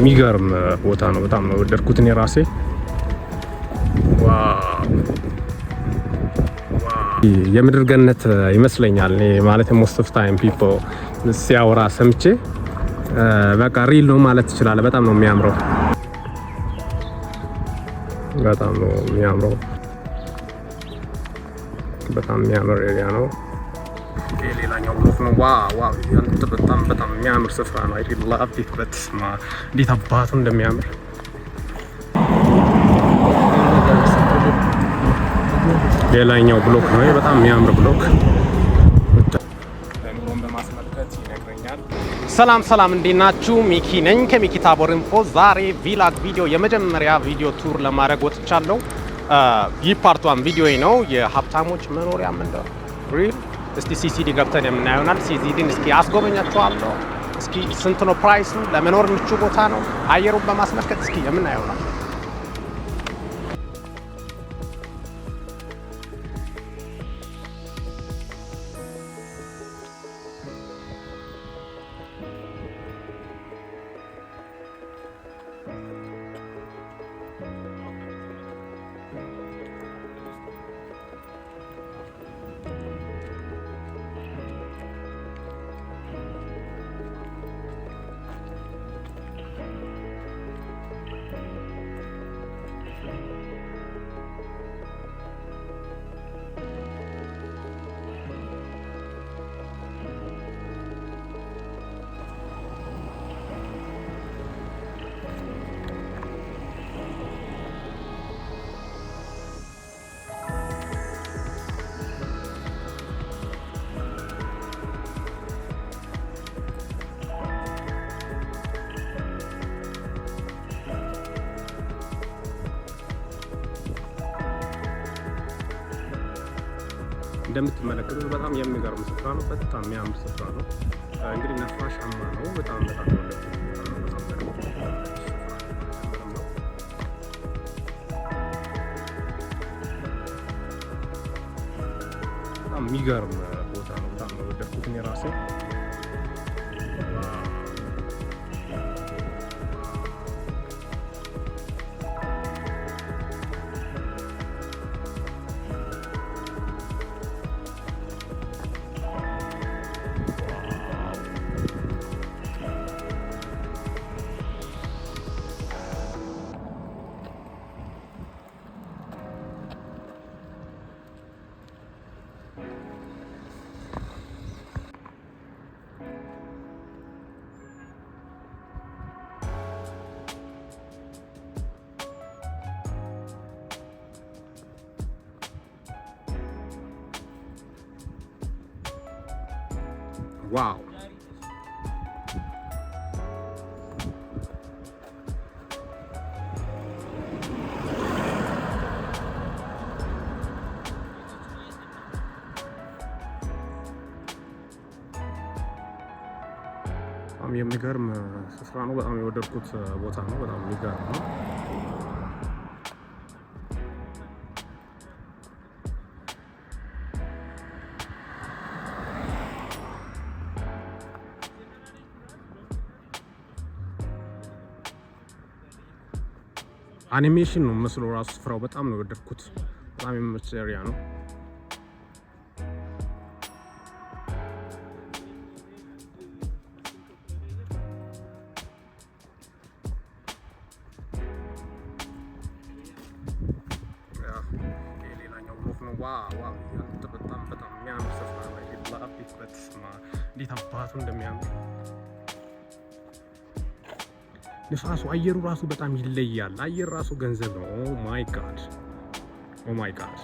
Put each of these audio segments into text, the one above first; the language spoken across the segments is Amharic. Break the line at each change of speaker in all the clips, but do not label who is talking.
በጣም የሚገርም ቦታ ነው። በጣም ነው ወደድኩት እኔ ራሴ። የምድር ገነት ይመስለኛል እኔ ማለት ሞስት ኦፍ ታይም ፒፖ ሲያወራ ሰምቼ በቃ ሪል ነው ማለት ትችላለህ። በጣም ነው የሚያምረው፣ በጣም ነው የሚያምረው፣ በጣም የሚያምር ኤሪያ ነው። ሌላኛው ብሎክ ነው። ዋው በጣም በጣም የሚያምር ስፍራ ነው። አይላ ቤት በትስማ እንዴት አባቱ እንደሚያምር ሌላኛው ብሎክ ነው። በጣም የሚያምር ብሎክ ሰላም ሰላም፣ እንዴት ናችሁ? ሚኪ ነኝ ከሚኪ ታቦር ኢንፎ። ዛሬ ቪላግ ቪዲዮ የመጀመሪያ ቪዲዮ ቱር ለማድረግ ወጥቻለሁ። ይህ ፓርቷን ቪዲዮ ነው የሀብታሞች መኖሪያ ምንደ እስቲ ሲሲዲ ገብተን የምናየውናል። ይሆናል። ሲሲዲን እስኪ አስጎበኛችኋለሁ። እስኪ ስንት ነው ፕራይሱ? ለመኖር ምቹ ቦታ ነው? አየሩን በማስመልከት እስኪ የምናየው እንደምትመለከቱት በጣም የሚገርም ስፍራ ነው። በጣም የሚያምር ስፍራ ነው። እንግዲህ ነፋሻማ ነው። በጣም በጣም የሚገርም ቦታ ነው። በጣም ነው እኔ ራሴ ዋው! በጣም የሚገርም ስፍራ ነው። በጣም የወደድኩት ቦታ ነው። በጣም የሚገርም ነው። አኒሜሽን ነው መስሎ ራሱ ስፍራው በጣም ነው የወደድኩት። በጣም የሚመች ኤሪያ ነው። ዋ በጣም በጣም የሚያምር ስፍራ ላይ ላቤት በስማ እንዴት አባቱ እንደሚያምር ንፋሱ አየሩ ራሱ በጣም ይለያል። አየር ራሱ ገንዘብ ነው። ኦ ማይ ጋድ ኦ ማይ ጋድ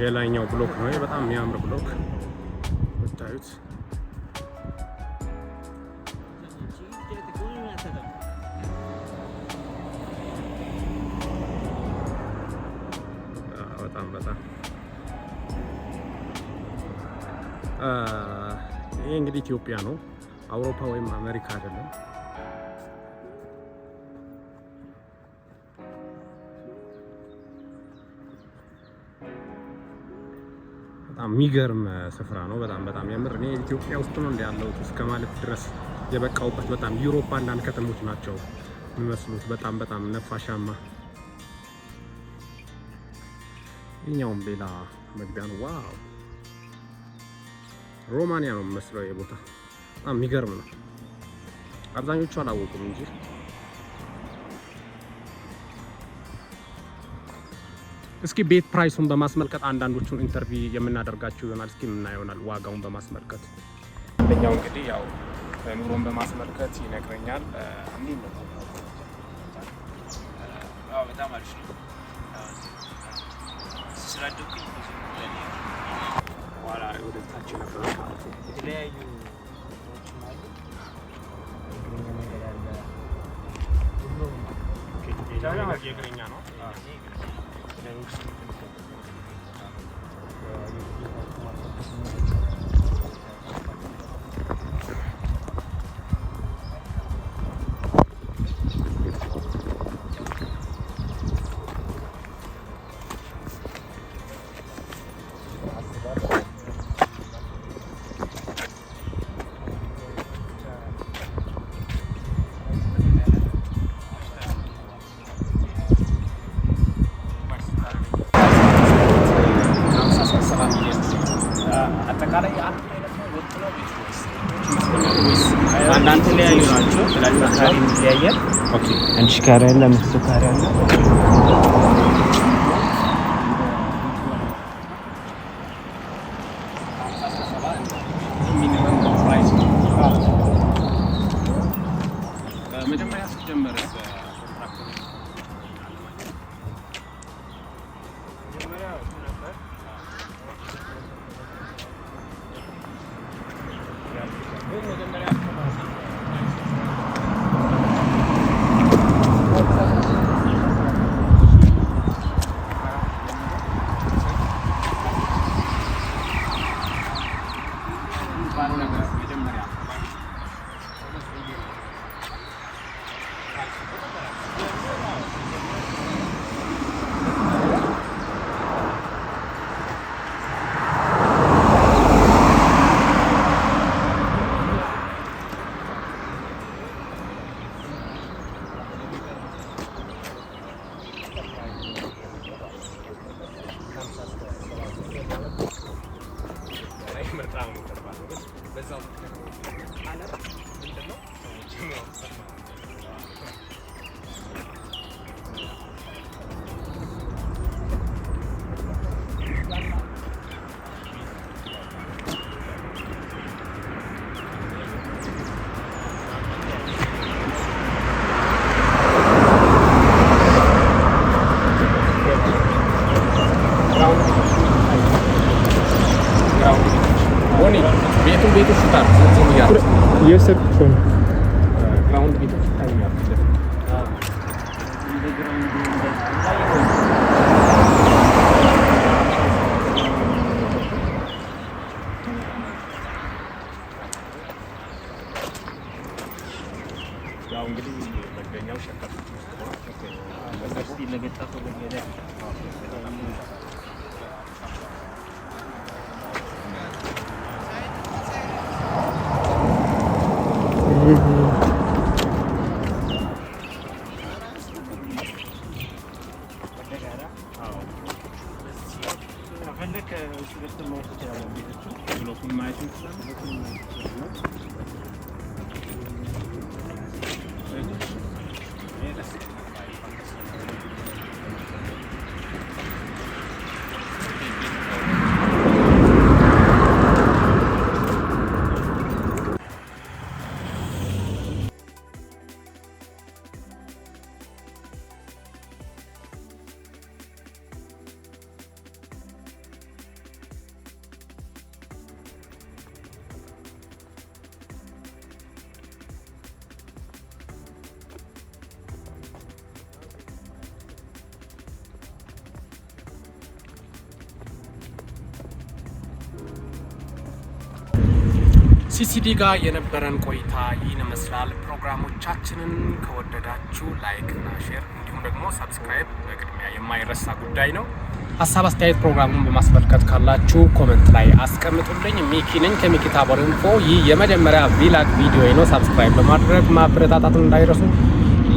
ሌላኛው ብሎክ ነው። በጣም የሚያምር ብሎክ ብታዩት በጣም ይሄ እንግዲህ ኢትዮጵያ ነው፣ አውሮፓ ወይም አሜሪካ አይደለም። በጣም የሚገርም ስፍራ ነው። በጣም በጣም ያምር። እኔ ኢትዮጵያ ውስጥ ነው እንደ ያለሁት እስከ ማለት ድረስ የበቃውበት በጣም ዩሮፓ አንዳንድ ከተሞች ናቸው የሚመስሉት። በጣም በጣም ነፋሻማ ይሄኛውም ሌላ መግቢያ ነው። ዋው ሮማንያ ነው የሚመስለው የቦታ በጣም የሚገርም ነው። አብዛኞቹ አላወቁም እንጂ እስኪ ቤት ፕራይሱን በማስመልከት አንዳንዶቹን ኢንተርቪ የምናደርጋቸው ይሆናል። እስኪ የምና ይሆናል ዋጋውን በማስመልከት አንደኛው እንግዲህ ያው ኑሮን በማስመልከት ይነግረኛል። በጣም አሪፍ ነው። የተደራደኩ በኋላ ወደታች ነበር ማለት ነው። የተለያዩ ዎችም አሉ። እግረኛ መንገድ አለ። የእግረኛ ነው ውስጥ የተለያዩ ናቸው። ትላንትና ካሬ ይለያያል። ይገባል። ግን በዛው ምክንያት ምንድነው ሰዎች ነው E esse é Угу. ሲሲዲ ጋር የነበረን ቆይታ ይህን ይመስላል። ፕሮግራሞቻችንን ከወደዳችሁ ላይክ እና ሼር እንዲሁም ደግሞ ሰብስክራይብ በቅድሚያ የማይረሳ ጉዳይ ነው። ሀሳብ አስተያየት ፕሮግራሙን በማስመልከት ካላችሁ ኮመንት ላይ አስቀምጡልኝ። ሚኪ ነኝ ከሚኪ ታቦር ኢንፎ። ይህ የመጀመሪያ ቪላግ ቪዲዮ ነው። ሰብስክራይብ በማድረግ ማበረታታትን እንዳይረሱ።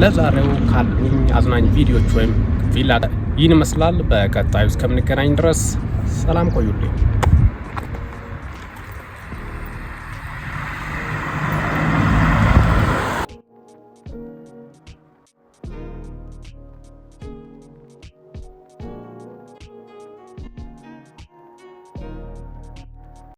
ለዛሬው ካሉኝ አዝናኝ ቪዲዮዎች ወይም ቪላግ ይህን ይመስላል። በቀጣዩ እስከምንገናኝ ድረስ ሰላም ቆዩልኝ።